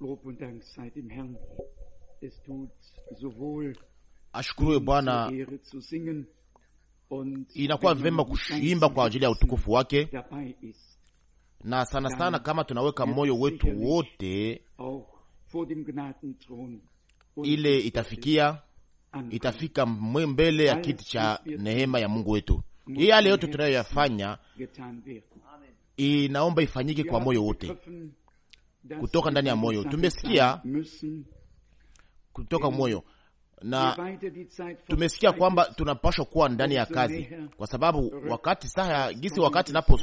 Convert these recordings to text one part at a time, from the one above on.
Lob und Dank sei dem Herrn. Es tut sowohl Bwana. Inakuwa vema kuimba kwa ajili ya utukufu wake, na sana sana kama tunaweka er moyo wetu wote, ile itafikia itafika mbele ya kiti cha neema ya Mungu wetu. Hii yale yote tunayoyafanya inaomba ifanyike kwa moyo wote kutoka ndani ya moyo. Tumesikia kutoka moyo na tumesikia kwamba tunapashwa kuwa ndani ya kazi, kwa sababu wakati saa gisi wakati napo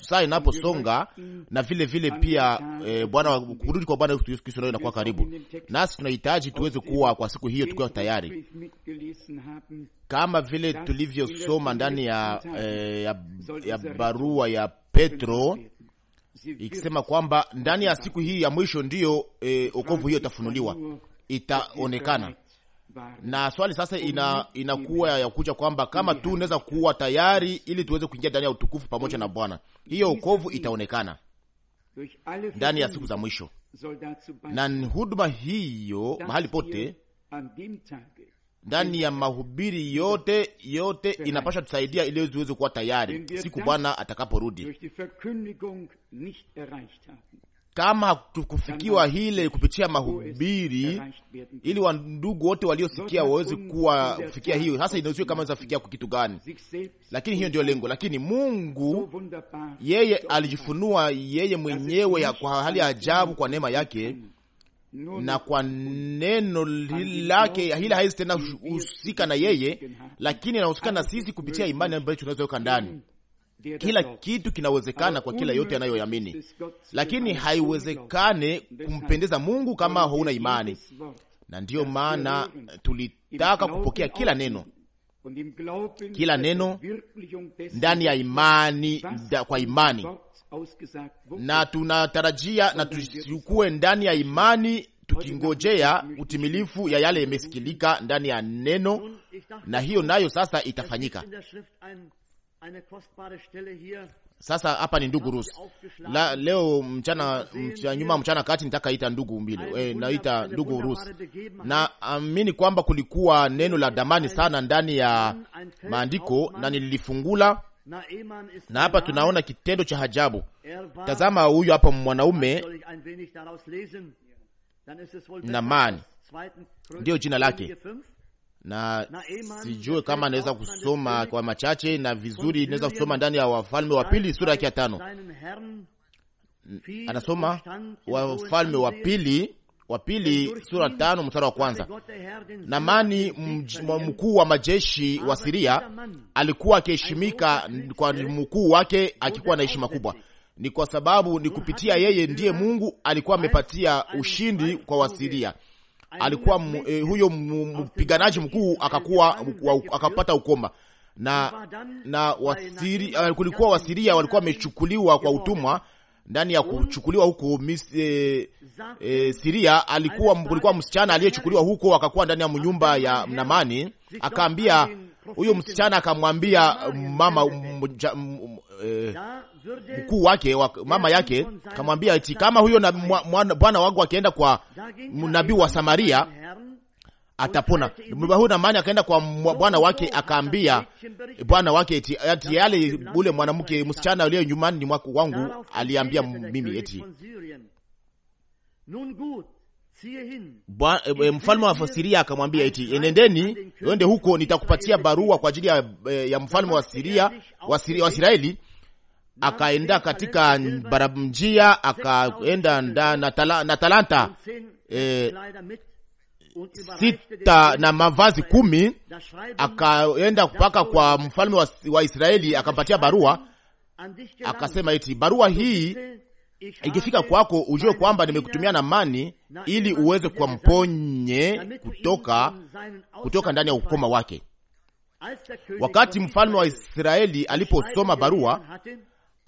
saa inaposonga na vile vile pia e, Bwana kurudi kwa Bwana Yesu Kristo nayo inakuwa karibu nasi. Tunahitaji tuweze kuwa kwa siku hiyo tukiwa tayari, kama vile tulivyosoma ndani ya, e, ya, ya barua ya Petro ikisema kwamba ndani ya siku hii ya mwisho ndiyo e, eh, okovu hiyo itafunuliwa, itaonekana. Na swali sasa ina, inakuwa ya kuja kwamba kama tu unaweza kuwa tayari ili tuweze kuingia ndani ya utukufu pamoja na Bwana, hiyo okovu itaonekana ndani ya siku za mwisho, na huduma hiyo mahali pote ndani ya mahubiri yote yote inapasha tusaidia ili ziweze kuwa tayari siku Bwana atakaporudi. Kama kufikiwa hile kupitia mahubiri, ili wandugu wote waliosikia waweze kuwa kufikia hiyo, hasa inauzia kama zafikia kwa kitu gani, lakini hiyo ndio lengo. Lakini Mungu yeye alijifunua yeye mwenyewe kwa hali ya ajabu kwa neema yake na kwa neno lake hili haizi tena husika na yeye, lakini anahusika na sisi kupitia imani ambayo tunazoweka ndani. Kila kitu kinawezekana kwa kila yote anayoyamini, lakini haiwezekane kumpendeza Mungu kama hauna imani, na ndiyo maana tulitaka kupokea kila neno kila neno ndani ya imani da, kwa imani na tunatarajia na tukue ndani ya imani tukingojea utimilifu ya yale yamesikilika ndani ya neno, na hiyo nayo sasa itafanyika. Sasa hapa ni ndugu Rusi la leo mchana mchana, nyuma mchana kati nitaka ita ndugu mbili e, naita ndugu Rusi, na amini kwamba kulikuwa neno la damani sana ndani ya maandiko na nililifungula na hapa tunaona kitendo cha ajabu. Er Tazama huyu hapa mwanaume Namani, ndiyo jina lake, na sijue kama anaweza kusoma kwa machache na vizuri. inaweza kusoma ndani ya Wafalme wa Pili sura yake ya tano, anasoma Wafalme wa Pili wa pili sura tano mstari wa kwanza. Namani mkuu wa majeshi wa Siria alikuwa akiheshimika kwa mkuu wake, akikuwa na heshima kubwa. Ni kwa sababu ni kupitia yeye ndiye Mungu alikuwa amepatia ushindi kwa Wasiria. Alikuwa m, eh, huyo mpiganaji mkuu akakuwa akapata ukoma na na wasiri, eh, kulikuwa Wasiria walikuwa wamechukuliwa kwa utumwa ndani ya kuchukuliwa huko e, e, eh, eh, Siria alikuwa kulikuwa msichana aliyechukuliwa huko akakuwa ndani ya mnyumba ya Namani, akaambia huyo msichana akamwambia mama mja, m, e, mkuu wake mama yake akamwambia eti kama huyo bwana wangu akienda kwa nabii wa Samaria atapona. Huna maana akaenda kwa bwana wake, akaambia bwana wake eti, eti yale ule mwanamke msichana aliye nyumbani ni mwako wangu, aliambia mimi eti e, e, mfalme wa Siria akamwambia eti enendeni, ende huko, nitakupatia barua kwa ajili ya, e, ya mfalme wa Siria wa Israeli. Akaenda katika barabara njia, akaenda na talanta e, sita na mavazi kumi, akaenda mpaka kwa mfalme wa, wa Israeli akampatia barua, akasema eti barua hii ikifika kwako ujue kwamba nimekutumia na mani ili uweze kuwamponye kutoka kutoka ndani ya ukoma wake. Wakati mfalme wa Israeli aliposoma barua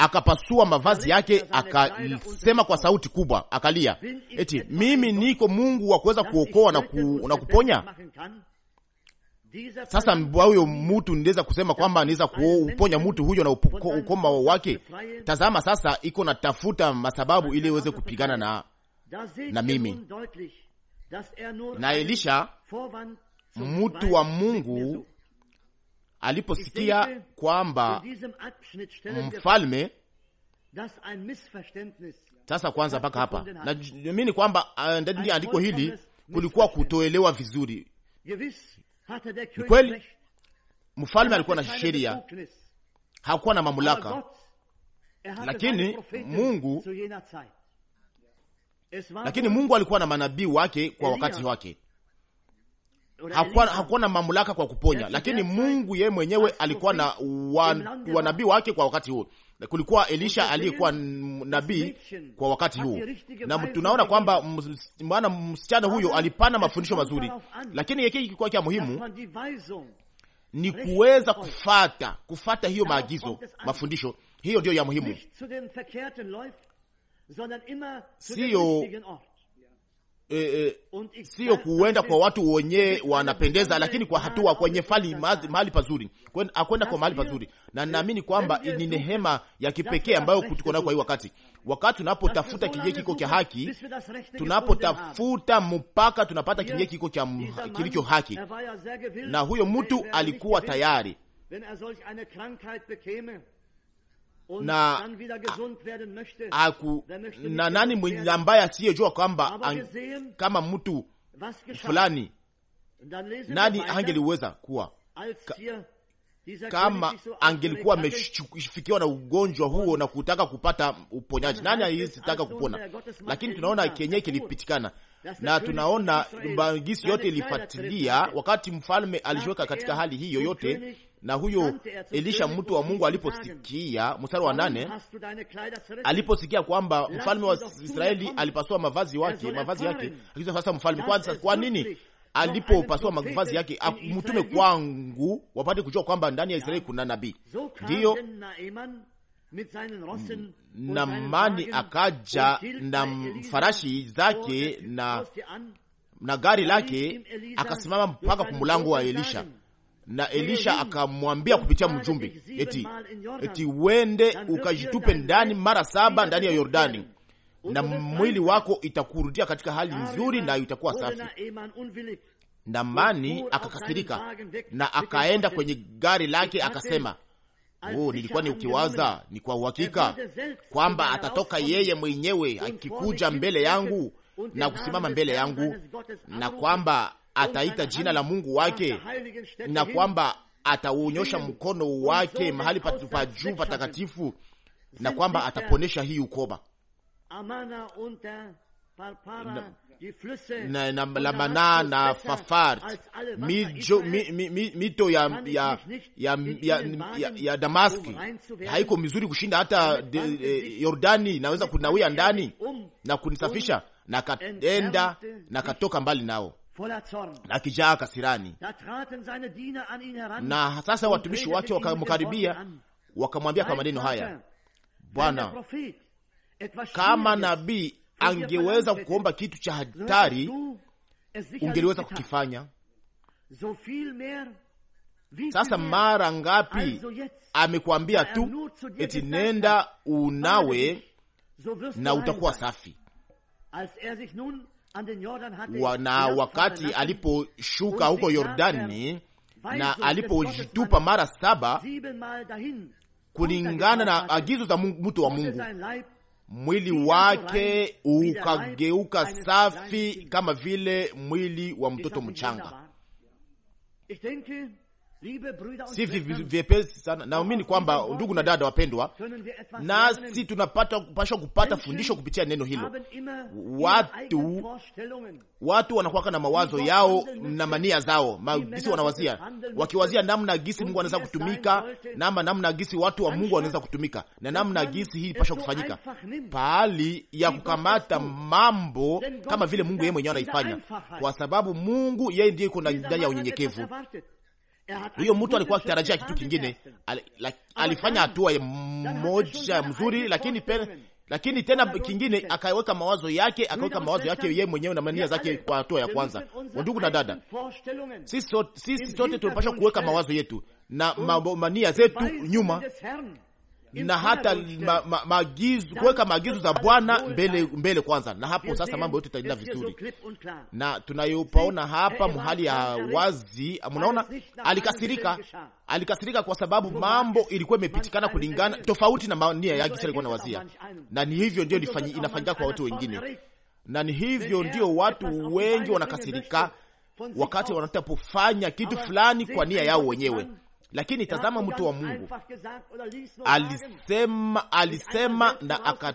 akapasua mavazi yake, akasema kwa sauti kubwa, akalia eti, mimi niko Mungu wa kuweza kuokoa na, ku, na kuponya. Sasa huyo mtu niweza kusema kwamba niweza kuponya mtu huyo na ukoma wake? Tazama sasa, iko natafuta masababu ili iweze kupigana na, na mimi na Elisha mtu wa Mungu aliposikia kwamba mfalme sasa. Kwanza mpaka hapa namini kwamba ah, ndani andiko hili kulikuwa kutoelewa vizuri. Ni kweli mfalme er alikuwa na sheria, hakuwa na mamlaka, er lakini Mungu, lakini Mungu alikuwa na manabii wake kwa wakati wake hakuwa, hakuwa na mamlaka kwa kuponya, lakini Mungu yeye mwenyewe alikuwa na wanabii wake kwa wakati huo. Kulikuwa Elisha aliyekuwa nabii kwa wakati huo, na tunaona kwamba maana msichana huyo alipana mafundisho mazuri, lakini yake kilikuwa kia muhimu ni kuweza kufata kufata hiyo maagizo mafundisho, hiyo ndiyo ya muhimu, siyo e, e, sio kuenda kwa watu wenye wanapendeza, lakini kwa hatua kwenye fali mahali pazuri, akwenda kwa mahali pazuri, na naamini kwamba ni nehema ya kipekee ambayo tuko nayo kwa hii wakati wakati tunapotafuta kinye kiko cha haki, tunapotafuta mpaka tunapata kinye kiko cha kilicho haki. Na huyo mtu alikuwa tayari na, aku, na nani ambaye asiyejua kwamba kama mtu fulani nani angeliweza kuwa ka, kama angelikuwa amefikiwa na ugonjwa huo na kutaka kupata uponyaji, nani alizitaka kupona? Lakini tunaona kenye kilipitikana, na tunaona mbangisi yote ilifatilia wakati mfalme alijiweka katika er hali hiyo yote na huyo Elisha mtu wa Mungu aliposikia, mstari wa nane, aliposikia kwamba mfalme wa Israeli alipasua mavazi wake mavazi yake, akiza. sasa, mfalme kwanza, kwa nini alipopasua mavazi yake mtume kwangu, wapate kujua kwamba ndani ya Israeli kuna nabii. Ndiyo namani akaja na farashi zake na na gari lake, akasimama mpaka mlango wa Elisha na Elisha akamwambia kupitia mjumbe eti, eti wende ukajitupe ndani mara saba ndani ya Yordani na mwili wako itakurudia katika hali nzuri na itakuwa safi. Namani akakasirika na akaenda kwenye gari lake akasema, oh, nilikuwa ukiwaza ni kwa uhakika kwamba atatoka yeye mwenyewe akikuja mbele yangu na kusimama mbele yangu na kwamba ataita jina la Mungu wake na kwamba atauonyosha mkono wake mahali pa juu patakatifu na kwamba ataponesha hii ukoba na, na, la Mana na Fafard mito mi, mi, mi ya, ya, ya, ya, ya, ya Damaski haiko mizuri kushinda hata de, Yordani naweza kunawia ndani na kunisafisha, na nakatoka na katoka mbali nao na kijaa kasirani, na sasa watumishi wake wakamkaribia, wakamwambia kwa maneno haya, Bwana, kama nabii angeweza kuomba kitu cha hatari, ungeliweza kukifanya. Sasa mara ngapi amekuambia er tu eti nenda unawe na utakuwa safi na wakati aliposhuka huko Yordani na alipojitupa mara saba kulingana na agizo za mtu wa Mungu, mwili wake ukageuka safi kama vile mwili wa mtoto mchanga si vyepesi sana. Naamini kwamba ndugu na dada wapendwa, nasi tunapata kupashwa kupata fundisho kupitia neno hilo. Watu watu wanakuwaka na mawazo yao na mania zao, magisi wanawazia, wakiwazia namna gisi Mungu anaweza kutumika, nama namna gisi watu wa Mungu wanaweza kutumika na namna gisi hii pashwa kufanyika, pahali ya kukamata mambo kama vile Mungu yeye mwenyewe anaifanya, kwa sababu Mungu yeye ndiye iko ndani ya unyenyekevu huyo mtu alikuwa akitarajia kitu kingine, alifanya hatua moja mzuri, lakini pe, lakini tena kingine akaweka mawazo yake, akaweka mawazo yake yeye mwenyewe na mania zake kwa hatua ya kwanza. Ndugu na dada, sisi sote tunapasha kuweka mawazo yetu na mania zetu nyuma na hata ma, ma, maagizo kuweka maagizo za Bwana mbele mbele kwanza, na hapo sasa mambo yote itaenda vizuri. Na tunayopaona hapa eh, eh, mhali ya eh, wazi, mnaona alikasirika, alikasirika kwa sababu mambo ilikuwa imepitikana kulingana tofauti na nia yake alikuwa nawazia, na ni hivyo ndio inafanyika kwa watu wengine, na ni hivyo ndio watu wengi wanakasirika wakati wanatapofanya kitu fulani kwa nia yao wenyewe lakini tazama, mtu wa Mungu alisema, alisema na aka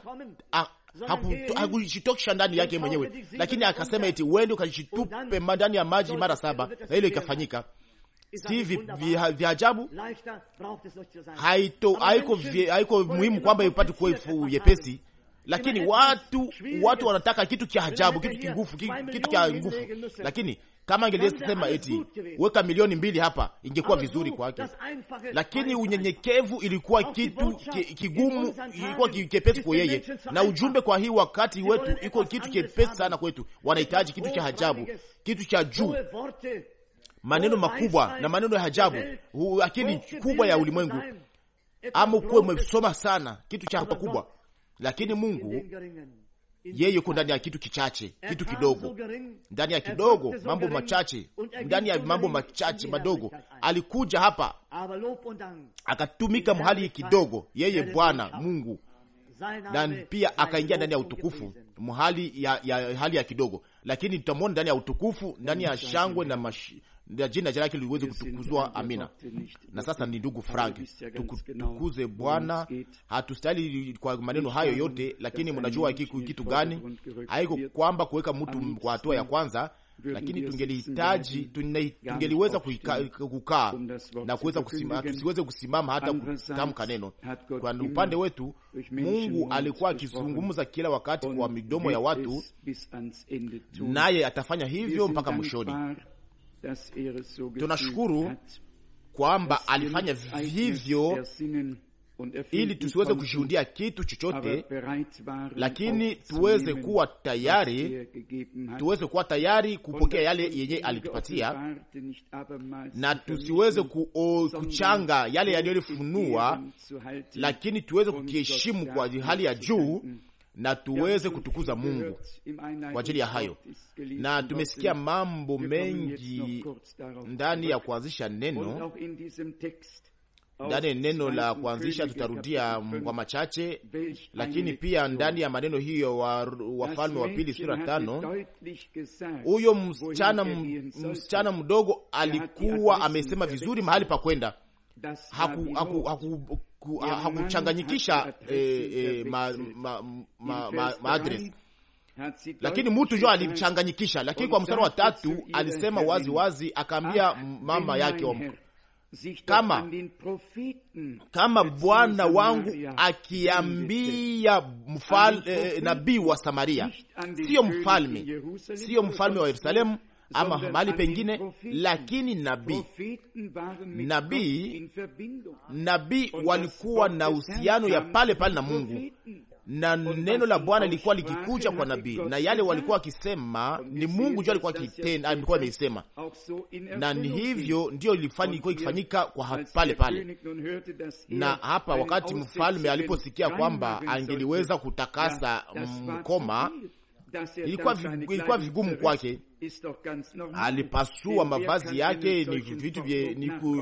hakujitokisha ndani yake mwenyewe, lakini akasema eti wende ukajitupe ndani ya maji mara saba, na hilo ikafanyika. Si vya ajabu? Haiko muhimu kwamba ipate kuwa yepesi, lakini watu watu wanataka kitu cha ajabu, kitu kingufu, kitu cha nguvu, lakini kama ingesema eti weka milioni mbili hapa, ingekuwa vizuri kwake, lakini unyenyekevu ilikuwa kitu kigumu, ilikuwa kepesi kwa yeye, na ujumbe kwa hii wakati wetu iko kitu kepesi sana kwetu. Wanahitaji kitu cha ajabu, kitu cha juu maneno makubwa na maneno ya ajabu, akili kubwa ya ulimwengu, ama ukuwe umesoma sana kitu cha kubwa, lakini Mungu yeye yuko ndani ya kitu kichache, kitu kidogo, ndani ya kidogo, mambo machache, er ndani ya mambo machache madogo. Alikuja hapa akatumika mahali kidogo, yeye Bwana Mungu, na pia akaingia ndani ya utukufu mahali ya, ya hali ya kidogo, lakini tutamwona ndani ya utukufu, ndani ya shangwe na mashi, na jina lake liweze kutukuzwa. Amina. Na sasa ni ndugu Frank, tukutukuze Bwana. Hatustahili kwa maneno hayo yote, lakini mnajua kitu gani? Haiko kwamba kuweka mtu kwa hatua ya kwanza lakini tungelihitaji tungeliweza kukaa na kuweza kusima, tusiweze kusimama hata kutamka neno. Kwa upande wetu, Mungu alikuwa akizungumza kila wakati kwa midomo ya watu, naye atafanya hivyo mpaka mwishoni. Er Tunashukuru kwamba alifanya vivyo ili tusiweze kushuhudia kitu chochote, lakini tuweze kuwa tayari, er tuweze kuwa tayari kupokea yale yenye alitupatia, na tusiweze ku, o, oh, kuchanga yale yaliyofunua, lakini tuweze kukiheshimu kwa hali ya juu na tuweze kutukuza Mungu kwa ajili ya hayo. Na tumesikia mambo mengi ndani ya kuanzisha neno, ndani ya neno la kuanzisha, tutarudia kwa machache, lakini pia ndani ya maneno hiyo wa Wafalme wa Pili sura tano, huyo msichana msichana mdogo alikuwa amesema vizuri mahali pa kwenda. Haku, haku, haku, hakuchanganyikisha eh, eh, maadres lakini mtu jo alimchanganyikisha lakini kwa mstari wa tatu alisema wazi wazi, akaambia ah, ah, mama yake wa kama mm, kama bwana wangu akiambia mfal, eh, eh nabii wa Samaria, siyo mfalme, siyo mfalme wa Yerusalemu, ama mahali pengine, lakini nabii nabii nabii walikuwa na uhusiano ya pale pale na Mungu na neno la Bwana lilikuwa likikuja kwa nabii, na yale walikuwa wakisema ni Mungu ndio alikuwa er akitenda, alikuwa ameisema, na ni hivyo ndiyo ilikuwa ikifanyika kwa pale pale. Er na hapa wakati mfalme aliposikia kwamba angeliweza kutakasa mkoma ilikuwa, ilikuwa vigumu kwake, alipasua mavazi yake. Ni vitu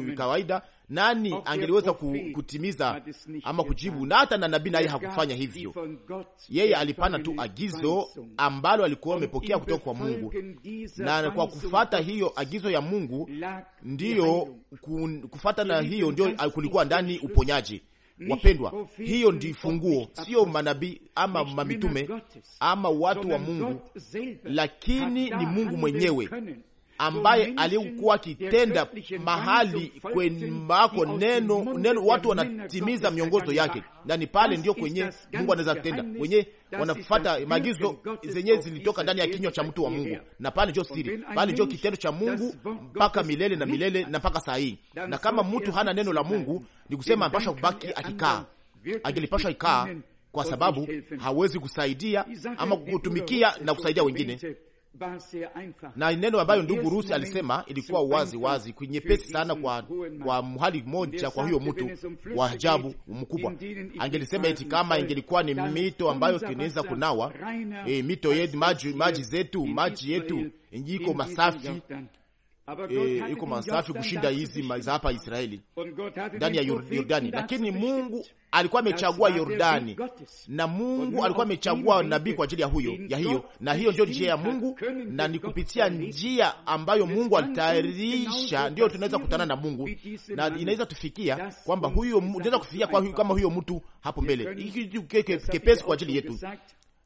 ni kawaida, nani angeliweza kutimiza ama kujibu? Na hata na nabii naye hakufanya hivyo, yeye alipana tu agizo ambalo alikuwa amepokea kutoka kwa Mungu, na kwa kufata hiyo agizo ya Mungu ndiyo kufata, na hiyo ndio kulikuwa ndani uponyaji Wapendwa, hiyo ndi funguo, sio manabii ama mamitume ama watu wa Mungu, lakini ni Mungu mwenyewe ambaye alikuwa akitenda mahali kwenako neno neno, watu wanatimiza miongozo yake ndani pale, ndio kwenye Mungu anaweza kutenda, wenye wanafuata maagizo zenye zilitoka ndani ya kinywa cha mtu wa Mungu, na pale ndio siri, pale ndio kitendo cha Mungu mpaka milele na milele na mpaka saa hii. Na kama mtu hana neno la Mungu, ni kusema mpasha kubaki akikaa, angelipasha ikaa, kwa sababu hawezi kusaidia ama kutumikia na kusaidia wengine na neno ambayo ndugu Rusi alisema ilikuwa wazi wazi kwenyepesi sana kwa, kwa mhali mmoja, kwa huyo mtu wa ajabu mkubwa. Angelisema eti kama ingelikuwa ni mito ambayo kineza kunawa e, mito yetu maji, maji zetu maji yetu ingiko masafi e, iko masafi kushinda hizi za hapa Israeli ndani ya Yordani, lakini Mungu alikuwa amechagua Yordani na Mungu alikuwa amechagua nabii kwa ajili ya huyo ya hiyo, na hiyo ndio njia ya Mungu, na ni kupitia njia ambayo Mungu alitayarisha ndio tunaweza kutana na Mungu, na inaweza tufikia kwamba huyo, tunaweza kufikia kwa huyo, kama huyo mtu hapo mbele, hiki kepesi kwa ajili yetu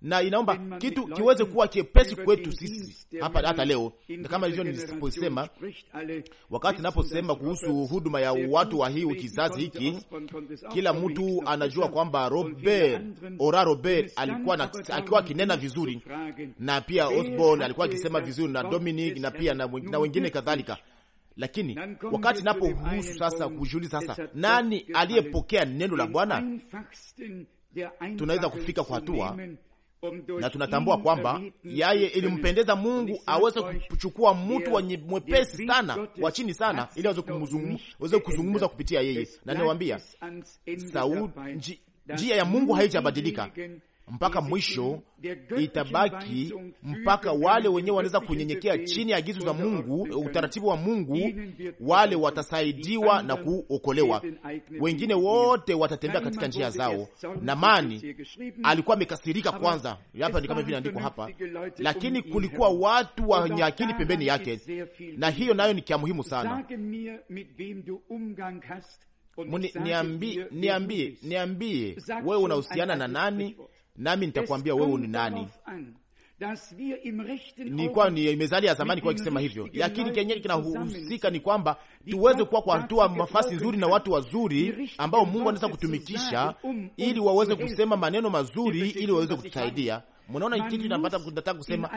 na inaomba kitu kiweze kuwa chepesi kwetu sisi hapa hata leo, kama hivyo nisiposema, wakati naposema kuhusu huduma ya watu wa hii kizazi hiki, kila mtu anajua kwamba Robert Ora Robert alikuwa na, akiwa akinena vizuri na pia Osborne alikuwa akisema vizuri na Dominic na pia na, na wengine kadhalika lakini wakati napohusu sasa kujuli sasa, nani aliyepokea neno la Bwana, tunaweza kufika kwa hatua na tunatambua kwamba yeye ilimpendeza Mungu aweze kuchukua mtu wenye mwepesi sana wa chini sana, ili aweze kuzungumza kupitia yeye. Na niwaambia, njia ya Mungu haijabadilika, mpaka mwisho, itabaki mpaka wale wenyewe wanaweza kunyenyekea chini ya agizo za Mungu, utaratibu wa Mungu, wale watasaidiwa na kuokolewa. Wengine wote watatembea katika njia zao. Namani alikuwa amekasirika kwanza, hapa ni kama vile andiko hapa, lakini kulikuwa watu wenye akili pembeni yake, na hiyo nayo ni kya muhimu sana. Niambie, niambie, niambie wewe unahusiana na nani nami nitakwambia wewe ni nani. Nilikuwa mezali ya zamani kwa kisema hivyo, lakini kenye kinahusika ni kwamba tuweze kuwa kwa hatua nafasi nzuri na watu wazuri ambao Mungu anaweza kutumikisha um, um, ili waweze um, kusema maneno mazuri ili waweze kutusaidia. Mnaona kitu inapata kunataka kusema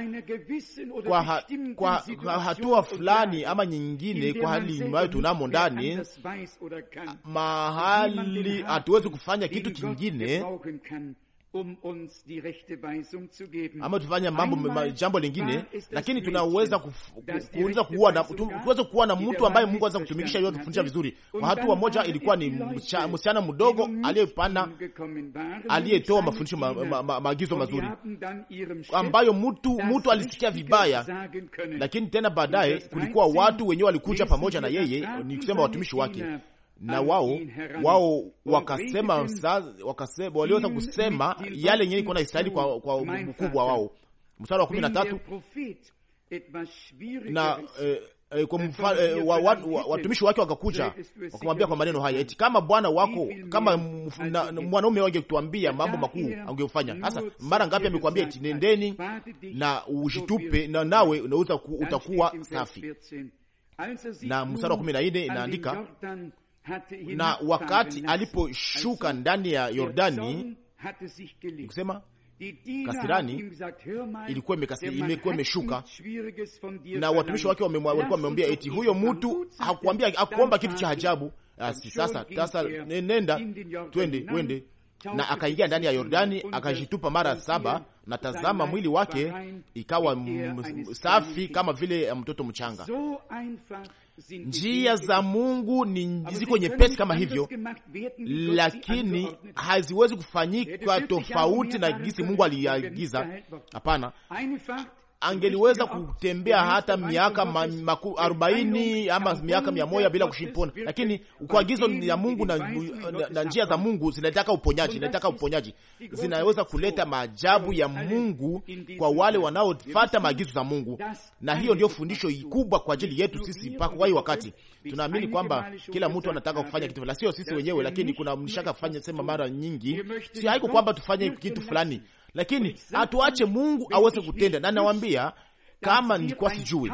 kwa, ha, kwa, kwa hatua fulani ama nyingine, kwa hali ambayo tunamo ndani mahali hatuwezi kufanya kitu kingine um uns die rechte Weisung zu geben, ama tufanya mambo jambo lingine, lakini tunaweza kuweza kuwa na kuwa na mtu ambaye Mungu anaweza kutumikisha yote kufundisha vizuri. Kwa hatua moja ilikuwa ni msichana mdogo aliyepana aliyetoa mafundisho ma, ma, maagizo mazuri ambayo mtu mtu alisikia vibaya, lakini tena baadaye kulikuwa watu wenyewe walikuja pamoja na yeye, ni kusema watumishi wake na wao wao wakasema, wakasema waliweza kusema yale yenyewe iko na Israeli kwa, kwa mkubwa wao. Mstari wa kumi na tatu na eh, eh, eh, wa, wa, wa, watumishi wake wakakuja wakamwambia kwa maneno haya eti kama bwana wako kama mwanaume kutuambia mambo makuu angeufanya hasa. Mara ngapi amekwambia eti nendeni na ujitupe na nawe unaweza utakuwa safi. Na mstari wa kumi na nne inaandika na wakati aliposhuka ndani ya Yordani kusema kasirani ilikuwa imekuwa imeshuka, na watumishi wake walikuwa wameambia eti huyo mtu hakuambia akuomba kitu cha ajabu. Asi, ah, sasa sasa nenda twende wende, na akaingia ndani ya Yordani äh, akajitupa mara saba, na tazama mwili wake ikawa safi kama vile um, mtoto mchanga. Njia za Mungu ni ziko nyepesi kama hivyo, lakini haziwezi kufanyika tofauti na gisi Mungu aliagiza. Hapana, angeliweza kutembea hata miaka arobaini ama miaka mia moja bila kushipona, lakini kwa agizo ya Mungu na, na, na njia za Mungu zinataka uponyaji, zinataka uponyaji, zinaweza kuleta maajabu ya Mungu kwa wale wanaofata maagizo za Mungu, na hiyo ndio fundisho kubwa kwa ajili yetu sisi. Mpaka hii wakati tunaamini kwamba kila mtu anataka kufanya kitu fulani, sio sisi wenyewe, lakini kuna mshaka kufanya sema mara nyingi, si haiko kwamba tufanye kitu fulani lakini hatuache Mungu aweze kutenda. Na nawambia kama nilikuwa sijui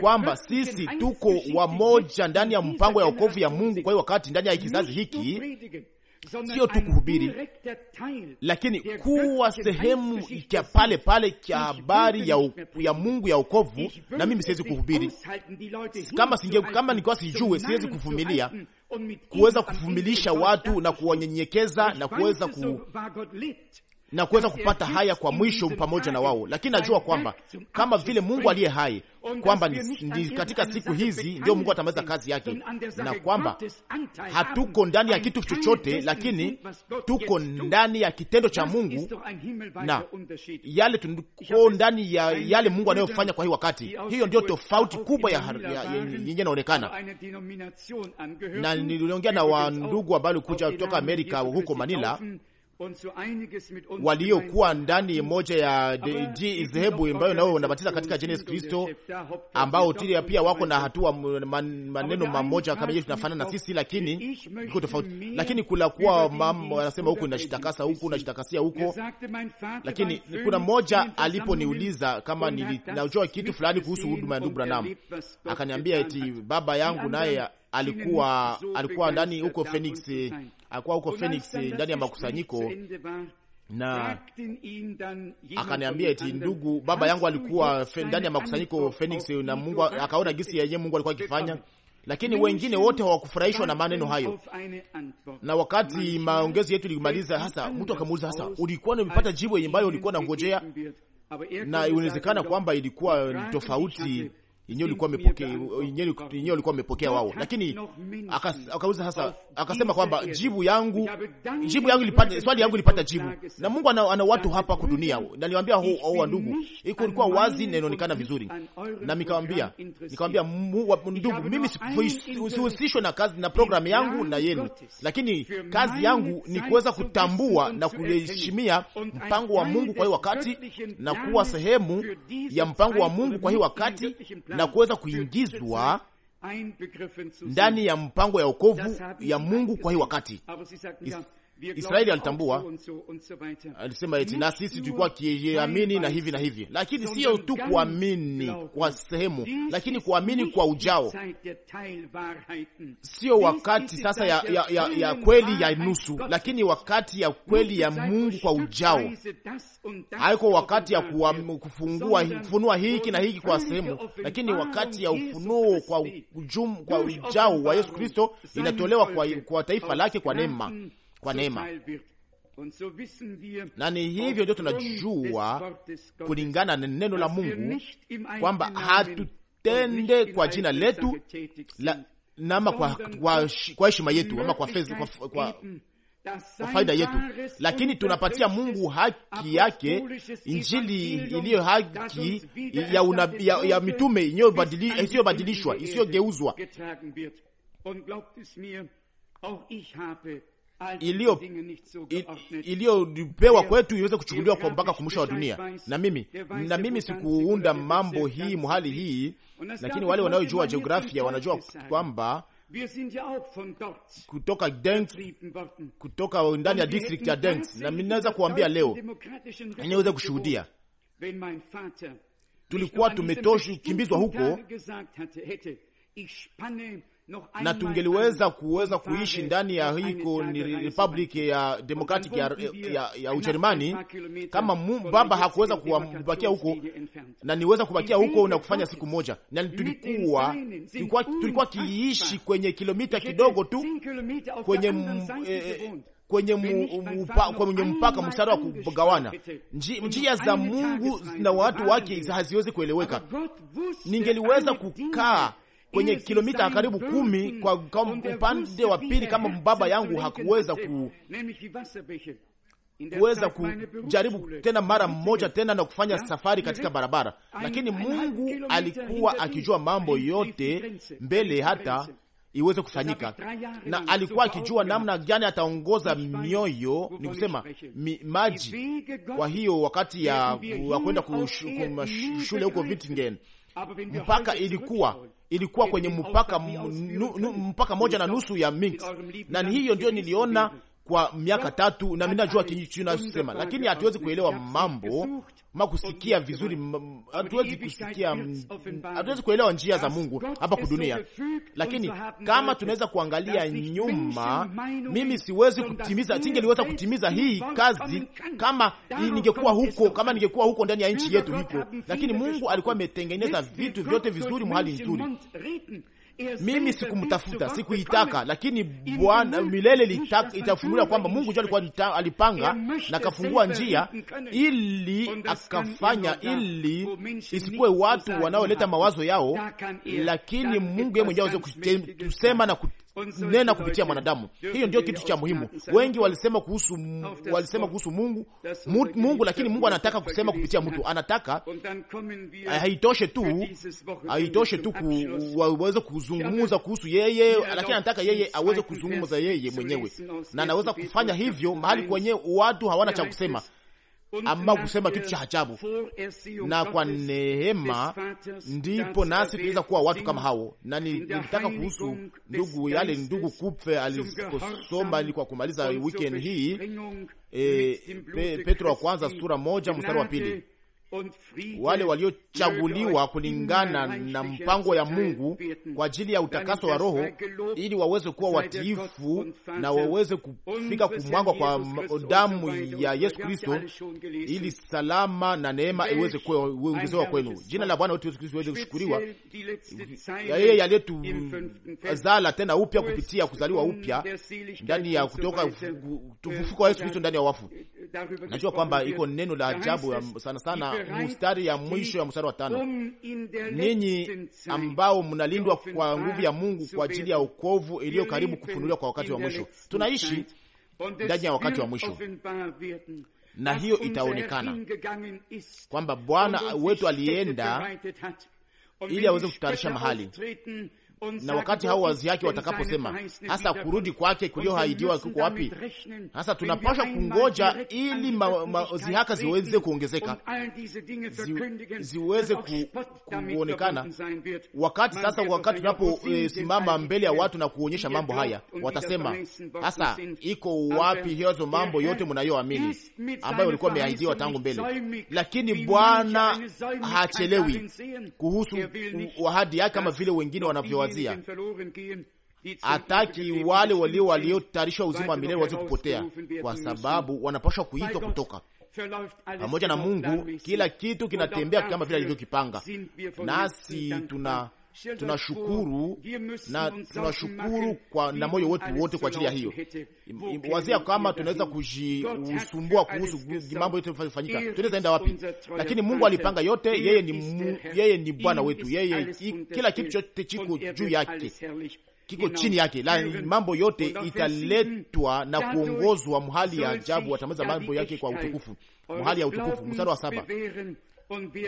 kwamba sisi tuko wamoja ndani ya mpango ya wokovu ya Mungu. Kwa hiyo wakati ndani ya kizazi hiki sio tu kuhubiri, lakini kuwa sehemu ya pale pale cha habari ya, ya Mungu ya okovu Na mimi siwezi kuhubiri kama singe, kama nikiwa sijue, siwezi kuvumilia kuweza kuvumilisha watu na kuwanyenyekeza na kuweza ku na kuweza kupata haya kwa mwisho pamoja na wao, lakini najua kwamba kama vile Mungu aliye hai kwamba ni, ni katika siku hizi ndio Mungu atamaliza kazi yake, na kwamba hatuko ndani ya kitu chochote, lakini tuko ndani ya kitendo cha Mungu na yale tuko ndani ya yale Mungu anayofanya kwa hii wakati. Hiyo ndio tofauti kubwa yenye inaonekana, na niliongea na wandugu ambao walikuja kutoka Amerika huko Manila waliokuwa ndani hm. moja ya dhehebu ambayo nao wanabatiza katika jina Yesu Kristo, ambao tiria pia wako na hatua maneno mamoja kama yetu tunafanana na sisi, lakini iko tofauti. Lakini kula kuwa wanasema huku inashitakasa huku nashitakasia huko, lakini kuna mmoja aliponiuliza kama nilijua kitu fulani kuhusu huduma ya ndugu Branham, akaniambia eti baba yangu naye alikuwa alikuwa ndani huko Phoenix, eh, eh, alikuwa huko Phoenix eh, ndani ya makusanyiko na akaniambia eti ndugu, baba yangu alikuwa ndani ya makusanyiko Phoenix, na Mungu akaona gisi yeye Mungu alikuwa akifanya, lakini wengine wote hawakufurahishwa na maneno hayo. Na wakati maongezi yetu ilimaliza, hasa mtu akamuuliza, hasa ulikuwa umepata jibu ambayo ulikuwa na ngojea, na inawezekana kwamba ilikuwa tofauti yenyewe ulikuwa umepokea wao, lakini akauza sasa, akasema kwamba jibu yangu jibu yangu ilipata swali yangu ilipata jibu, na Mungu ana, ana watu hapa kwa dunia. Naliwaambia hao wa ndugu, iko ilikuwa wazi na inaonekana vizuri, na nikamwambia nikamwambia ndugu, mimi sihusishwe na kazi na program yangu na yenu, lakini kazi yangu ni kuweza kutambua na kuheshimia mpango wa Mungu kwa hii wakati na kuwa sehemu ya mpango wa Mungu kwa hii wakati na kuweza kuingizwa ndani ya mpango ya wokovu ya Mungu kwa hii wakati. Israeli alitambua, alisema eti na sisi tulikuwa kiamini na hivi na hivi, lakini sio tu kuamini kwa sehemu, lakini kuamini kwa ujao, sio wakati sasa ya, ya, ya, ya kweli ya nusu, lakini wakati ya kweli ya Mungu kwa ujao. Haiko wakati ya kufungua kufunua hiki na hiki kwa sehemu, lakini wakati ya ufunuo kwa, ujum, kwa ujao wa Yesu Kristo inatolewa kwa, kwa taifa lake kwa neema kwa neema, na ni hivyo ndio tunajua kulingana na neno la Mungu kwamba hatutende kwa jina letu la, nama kwa, kwa, kwa heshima yetu ama kwa, fez, kwa, kwa, kwa faida yetu, lakini tunapatia Mungu haki yake. Injili iliyo haki ya, una, ya, ya mitume isiyobadilishwa isiyogeuzwa iliyopewa kwetu iweze kuchukuliwa kwa mpaka kumwisho wa dunia. Na mimi na mimi sikuunda mambo hii muhali hii, lakini wale wanaojua jiografia wanajua kwamba kutoka Dengs, kutoka ndani ya district ya Dengs, na ninaweza kuambia leo niweze kushuhudia tulikuwa tumetoshwa kimbizwa huko na tungeliweza kuweza kuishi ndani ya hiko ni Republic ya Democratic ya, ya, ya Ujerumani kama mu, baba hakuweza kubakia huko na niweza kubakia huko na kufanya siku moja, na tulikuwa tulikuwa, tulikuwa kiishi kwenye kilomita kidogo tu kwenye m, eh, kwenye mupa, kwenye mpaka mstari wa kugawana njia za Mungu na watu wake haziwezi kueleweka. Ningeliweza kukaa kwenye kilomita karibu kumi kwa upande wa pili, kama baba yangu hakuweza ku kuweza kujaribu tena mara mmoja tena na kufanya safari katika barabara, lakini Mungu alikuwa akijua mambo yote mbele hata iweze kufanyika, na alikuwa akijua namna gani ataongoza mioyo, ni kusema mi, maji. Kwa hiyo wakati ya kwenda shule huko Wittingen mpaka ilikuwa ilikuwa kwenye mpaka mpaka moja na nusu ya Minsk, na hiyo ndio niliona kwa miaka tatu, na minajua kinachosema, lakini hatuwezi kuelewa mambo ma kusikia vizuri, hatuwezi kusikia, hatuwezi kuelewa njia za Mungu hapa kudunia. Lakini kama tunaweza kuangalia nyuma, mimi siwezi kutimiza, singeliweza kutimiza hii kazi kama ningekuwa huko, kama ningekuwa huko ndani ya nchi yetu hiko, lakini Mungu alikuwa ametengeneza vitu vyote vizuri, mahali nzuri mimi sikumtafuta, sikuitaka, lakini Bwana milele itafunulia kwamba Mungu jua alikuwa alipanga na akafungua njia ili akafanya ili isikuwe watu wanaoleta mawazo yao, lakini Mungu yeye mwenyewe aweze kusema na nena kupitia mwanadamu. Hiyo ndio kitu cha muhimu. Wengi walisema kuhusu, walisema kuhusu Mungu Mungu, lakini Mungu anataka kusema kupitia mtu, anataka haitoshe tu, haitoshe tu waweze kuzungumza kuhusu yeye, lakini anataka yeye aweze kuzungumza yeye mwenyewe, na anaweza kufanya hivyo mahali kwenye watu hawana cha kusema ama kusema kitu cha ajabu, na kwa neema ndipo nasi tunaweza kuwa watu kama hao. Na nilitaka kuhusu ndugu yale ndugu Kupfe aliposoma ili kwa kumaliza weekend hii e, Petro wa kwanza sura moja mstari wa pili wale waliochaguliwa kulingana na mpango ya Mungu kwa ajili ya utakaso wa roho, ili waweze kuwa watiifu na waweze kufika kumwangwa kwa damu ya Yesu Kristo, ili salama na neema iweze kuongezewa kwenu. Jina la Bwana wetu Yesu Kristo iweze kushukuriwa, yeye yaliyetuzala tena upya kupitia kuzaliwa upya ndani ya kutoka ufufuko wa Yesu Kristo ndani ya wafu. Najua kwamba iko neno la ajabu sana sana mstari ya mwisho ya mstari wa tano, ninyi ambao mnalindwa kwa nguvu ya Mungu kwa ajili ya ukovu iliyo karibu kufunuliwa kwa wakati wa mwisho. Tunaishi ndani ya wakati wa mwisho, na hiyo itaonekana kwamba Bwana wetu alienda ili aweze kutayarisha mahali na wakati hao wazi yake watakaposema, hasa kurudi kwake kulioahidiwa kuko wapi? Hasa tunapasha kungoja ili zihaka ziweze kuongezeka zi, ziweze ku, kuonekana wakati sasa, wakati tunaposimama eh, e, mbele ya äh, watu na kuonyesha mambo haya, watasema hasa iko wapi hiyo mambo yote mnayoamini ambayo ulikuwa umeahidiwa tangu mbele. Lakini Bwana hachelewi kuhusu er ahadi yake kama vile wengine wanavyo kuwazia, ataki wale walio waliotarishwa uzima wa milele waweze kupotea, kwa sababu wanapashwa kuitwa kutoka pamoja na Mungu. Kila kitu kinatembea kama vile alivyokipanga, nasi tuna tunashukuru na tunashukuru kwa na moyo wetu wote kwa ajili ya hiyo. Wazia kama tunaweza kujisumbua kuhusu mambo yote yafanyika, tunaweza enda wapi? Lakini Mungu alipanga yote, yeye ni mu, yeye ni Bwana wetu, yeye kila kitu chote chiko juu yake kiko chini yake la mambo yote italetwa na kuongozwa mhali ya ajabu, atamaliza mambo yake kwa utukufu, mhali ya utukufu. Mstari wa saba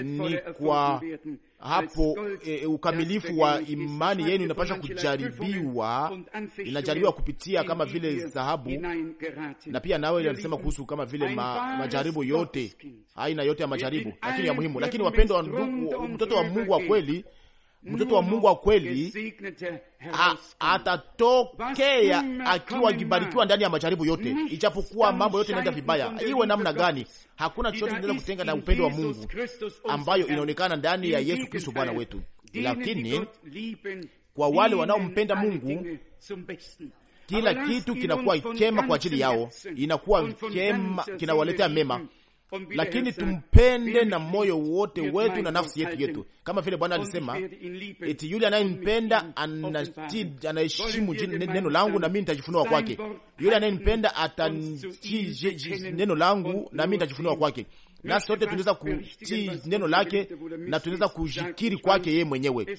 ni kwa hapo e, ukamilifu wa imani yenu inapasha kujaribiwa, inajaribiwa kupitia kama vile dhahabu. Na pia nawe alisema kuhusu kama vile ma, majaribu yote, aina yote ya majaribu, lakini ya muhimu. Lakini wapendwa, mtoto wa Mungu wa kweli mtoto wa Mungu wa kweli atatokea akiwa akibarikiwa ndani ya majaribu yote, ichapokuwa mambo yote inaenda vibaya, iwe namna gani. Hakuna chochote kinaweza kutenga na upendo wa Mungu ambayo inaonekana ndani ya Yesu Kristo Bwana wetu. Lakini kwa wale wanaompenda Mungu eh, kila kitu kinakuwa chema kwa ajili yao, inakuwa chema, kinawaletea mema lakini tumpende na moyo wote wetu na nafsi yetu yetu, kama vile Bwana alisema eti, yule anayempenda anaheshimu neno langu, nami nitajifunua kwake. Yule anayempenda neno langu, nami nitajifunua kwake na sote tunaweza kutii neno lake na tunaweza kujikiri kwake yeye mwenyewe.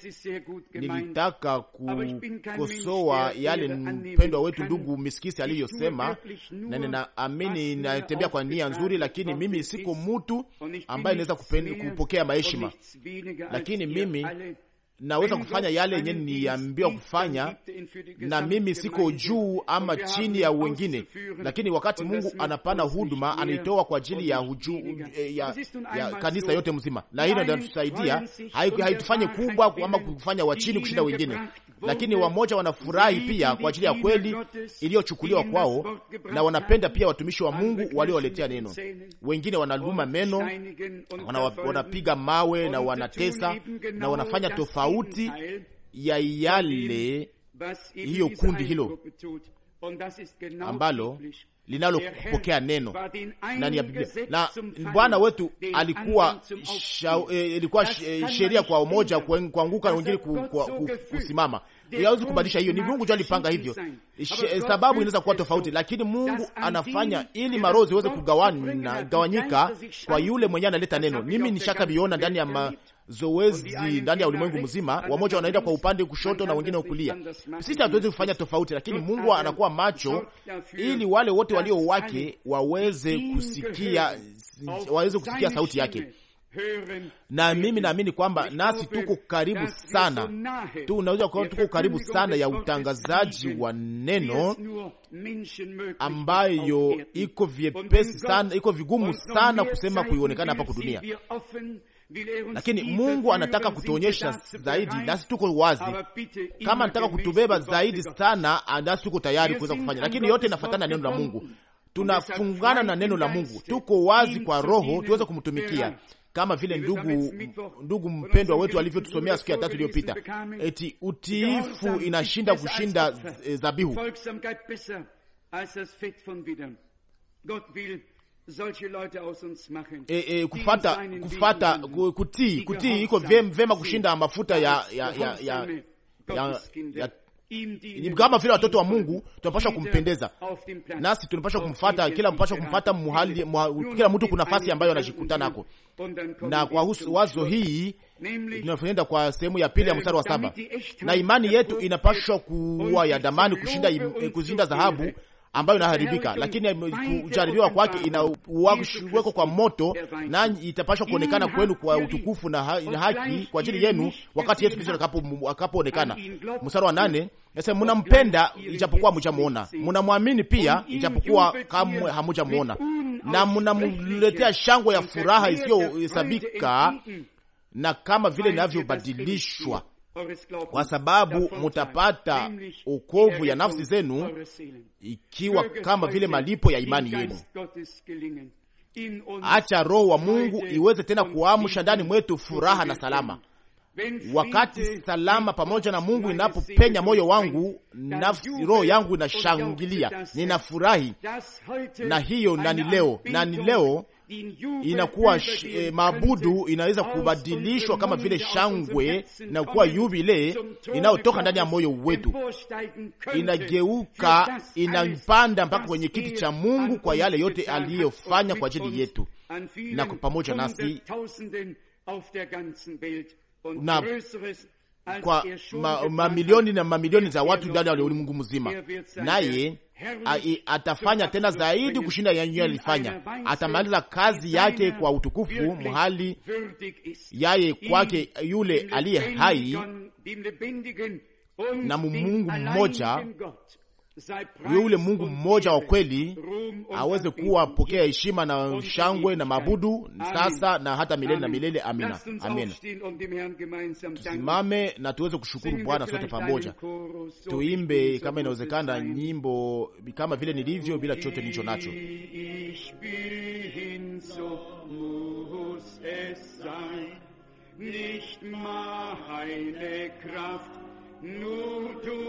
Nilitaka ah, kukosoa yale mpendwa wetu ndugu Misikisi aliyosema, na ninaamini natembea kwa nia nzuri, lakini mimi siko mtu ambaye naweza kupokea maheshima, lakini mimi naweza kufanya yale yenye niambiwa kufanya, na mimi siko juu ama chini ya wengine, lakini wakati Mungu anapana huduma anaitoa kwa ajili ya, eh, ya, ya kanisa yote mzima, na hilo ndio tusaidia, haitufanye kubwa ama kufanya wa chini kushinda wengine, lakini wamoja wanafurahi pia kwa ajili ya kweli iliyochukuliwa kwao, na wanapenda pia watumishi wa Mungu waliowaletea neno. Wengine wanaluma oh, meno, wanapiga mawe na wanatesa na wanafanya tofauti sauti ya yale hiyo kundi hilo ambalo linalopokea neno ndani ya Biblia. Na Bwana wetu alikuwa eh, ilikuwa eh, sheria kwa umoja, kuanguka na wengine kusimama. Hawezi kubadilisha hiyo, ni Mungu ndio alipanga hivyo. Eh, sababu inaweza kuwa tofauti, lakini Mungu anafanya ili maroho ziweze kugawanyika kwa yule mwenye analeta neno. Mimi nishaka viona ndani ya zoezi ndani ya ulimwengu mzima. Wamoja wanaenda kwa upande kushoto na wengine kulia. Sisi hatuwezi kufanya tofauti, lakini Mungu anakuwa macho ili wale wote walio wake waweze kusikia, waweze kusikia sauti yake na mimi naamini kwamba nasi tuko karibu sana tu, unaweza tuko karibu sana ya utangazaji wa neno ambayo iko vyepesi sana, iko vigumu sana kusema kuionekana hapa kudunia, lakini Mungu anataka kutuonyesha zaidi, nasi tuko wazi. Kama anataka kutubeba zaidi sana, ah, nasi tuko tayari kuweza kufanya, lakini yote inafuatana na neno la Mungu. Tunafungana na neno la Mungu, tuko wazi kwa Roho tuweze kumtumikia kama vile ndugu ndugu mpendwa wetu alivyotusomea siku ya tatu iliyopita, eti utiifu inashinda kushinda zabihu. E, e, kufata, kufata, kutii kutii iko vema kushinda mafuta ya, ya, ya, ya, ya, ya kama vile watoto wa Mungu tunapashwa kumpendeza, nasi tunapasha kumfata kila mpasha kumfata muhali, muhali, kila mtu kuna nafasi ambayo anajikuta nako. Na kwa husu, wazo hii tunaenda kwa sehemu ya pili ya mstari wa saba, na imani yetu inapashwa kuwa ya damani kushinda, eh, kushinda dhahabu ambayo inaharibika, lakini kujaribiwa kwake inawekwa kwa moto, na itapashwa kuonekana kwenu kwa utukufu na haki kwa ajili yenu wakati Yesu Kristo akapoonekana. Mstari wa nane nasema munampenda ijapokuwa hamujamuona, munamwamini pia ijapokuwa kamwe hamujamuona, na mnamletea shangwe ya furaha isiyohesabika na kama vile inavyobadilishwa kwa sababu mutapata ukovu ya nafsi zenu, ikiwa kama vile malipo ya imani yenu. Acha Roho wa Mungu iweze tena kuamsha ndani mwetu furaha na salama. Wakati salama pamoja na Mungu inapopenya moyo wangu, nafsi roho yangu inashangilia, ninafurahi na hiyo nani leo, nani leo inakuwa eh, maabudu inaweza kubadilishwa kama vile shangwe na kuwa yubile inayotoka ndani ya moyo wetu, inageuka inapanda mpaka kwenye kiti cha Mungu kwa yale yote aliyofanya kwa ajili yetu na pamoja nasi na kwa mamilioni ma na mamilioni za watu ndani ya ulimwengu mzima, naye atafanya tena zaidi kushinda yenyewe alifanya, atamaliza kazi yake kwa utukufu mahali yaye kwake yule aliye hai na Mungu mmoja yule Mungu mmoja wa kweli aweze kuwa pokea heshima na shangwe na mabudu sasa na hata milele na milele. Amina, amina. Tusimame na tuweze kushukuru Bwana sote pamoja, tuimbe kama inawezekana nyimbo kama vile nilivyo, bila chote nilicho nacho. Nicht meine Kraft, nur du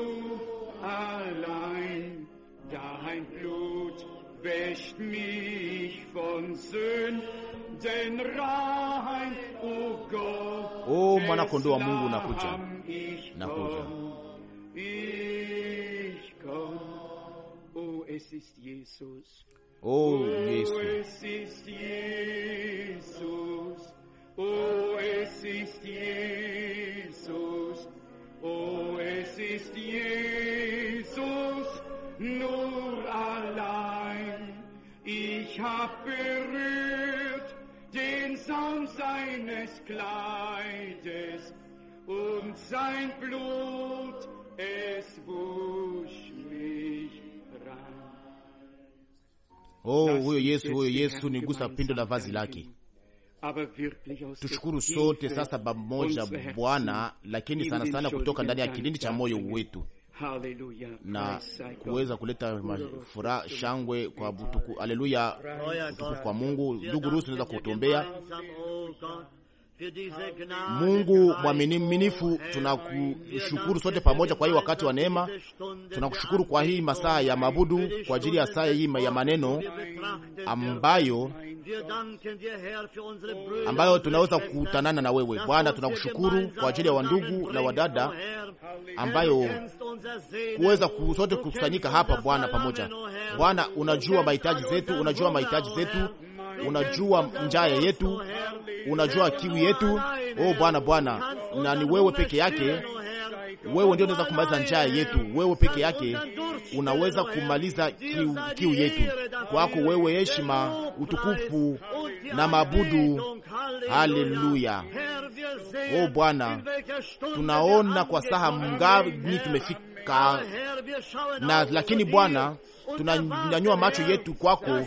allein, dein Blut wäscht mich von Sünden rein, oh Gott. O mwana kondoo wa Mungu nakuja, nakuja. Ich komm, oh es ist Jesus. Oh, Jesu. Oh, es ist Jesus. Oh, es ist Jesus. Oh, es ist Jesus, nur allein. Ich hab berührt den Saum seines Kleides und sein Blut, es wusch mich rein. Oh, huyo Yesu, huyo Yesu, nigusa pindo la vazi lake. Tushukuru sote sasa pamoja Bwana, lakini sana sana kutoka ndani ya kilindi cha moyo wetu na kuweza kuleta furaha shangwe kwa butuku. Aleluya, utukufu kwa Mungu. Ndugu Rusi, unaweza kutuombea? Mungu mwaminifu, tunakushukuru sote pamoja kwa hii wakati wa neema. Tunakushukuru kwa hii masaa ya mabudu, kwa ajili ya saa hii ya maneno ambayo ambayo tunaweza kukutanana na wewe Bwana. Tunakushukuru kwa ajili ya wandugu na wadada ambayo kuweza sote kukusanyika hapa Bwana pamoja. Bwana, unajua mahitaji zetu, unajua mahitaji zetu, unajua njaya yetu, unajua kiwi yetu. Oh Bwana, Bwana, na ni wewe peke yake, wewe ndio unaweza kumaliza njaa yetu, wewe peke yake unaweza kumaliza kiu, kiu yetu. Kwako wewe heshima, utukufu na mabudu. Haleluya! O Bwana, tunaona kwa saha mgani tumefika na, lakini Bwana tunanyanyua macho yetu kwako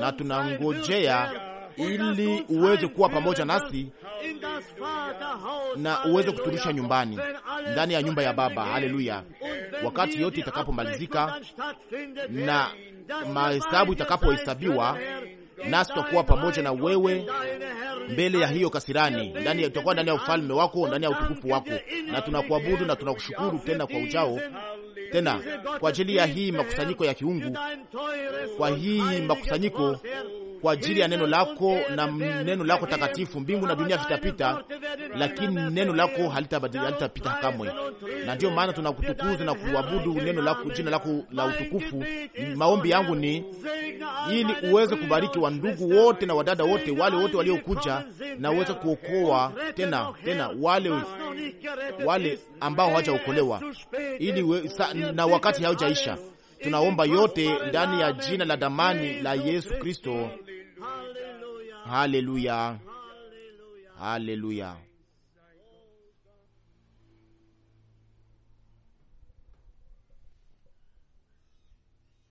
na tunangojea ili uweze kuwa pamoja nasi na uweze kuturusha nyumbani ndani ya nyumba ya Baba. Haleluya! wakati yote itakapomalizika na mahesabu itakapohesabiwa, nasi tutakuwa pamoja na wewe mbele ya hiyo kasirani, ndani tutakuwa ndani ya ufalme wako, ndani ya utukufu wako, na tunakuabudu na tunakushukuru tena kwa ujao tena kwa ajili ya hii makusanyiko ya kiungu, kwa hii makusanyiko kwa ajili ya neno lako na neno lako takatifu. Mbingu na dunia vitapita, lakini neno lako halitapita kamwe. Na ndiyo maana tunakutukuza na kuabudu neno lako, jina lako la utukufu. Maombi yangu ni ili uweze kubariki wandugu wote na wadada wote, wale wote waliokuja, na uweze kuokoa tena tena wale wale ambao hawajaokolewa, ili na wakati haujaisha Tunaomba yote ndani ya jina la damani la Yesu Kristo. Haleluya, haleluya.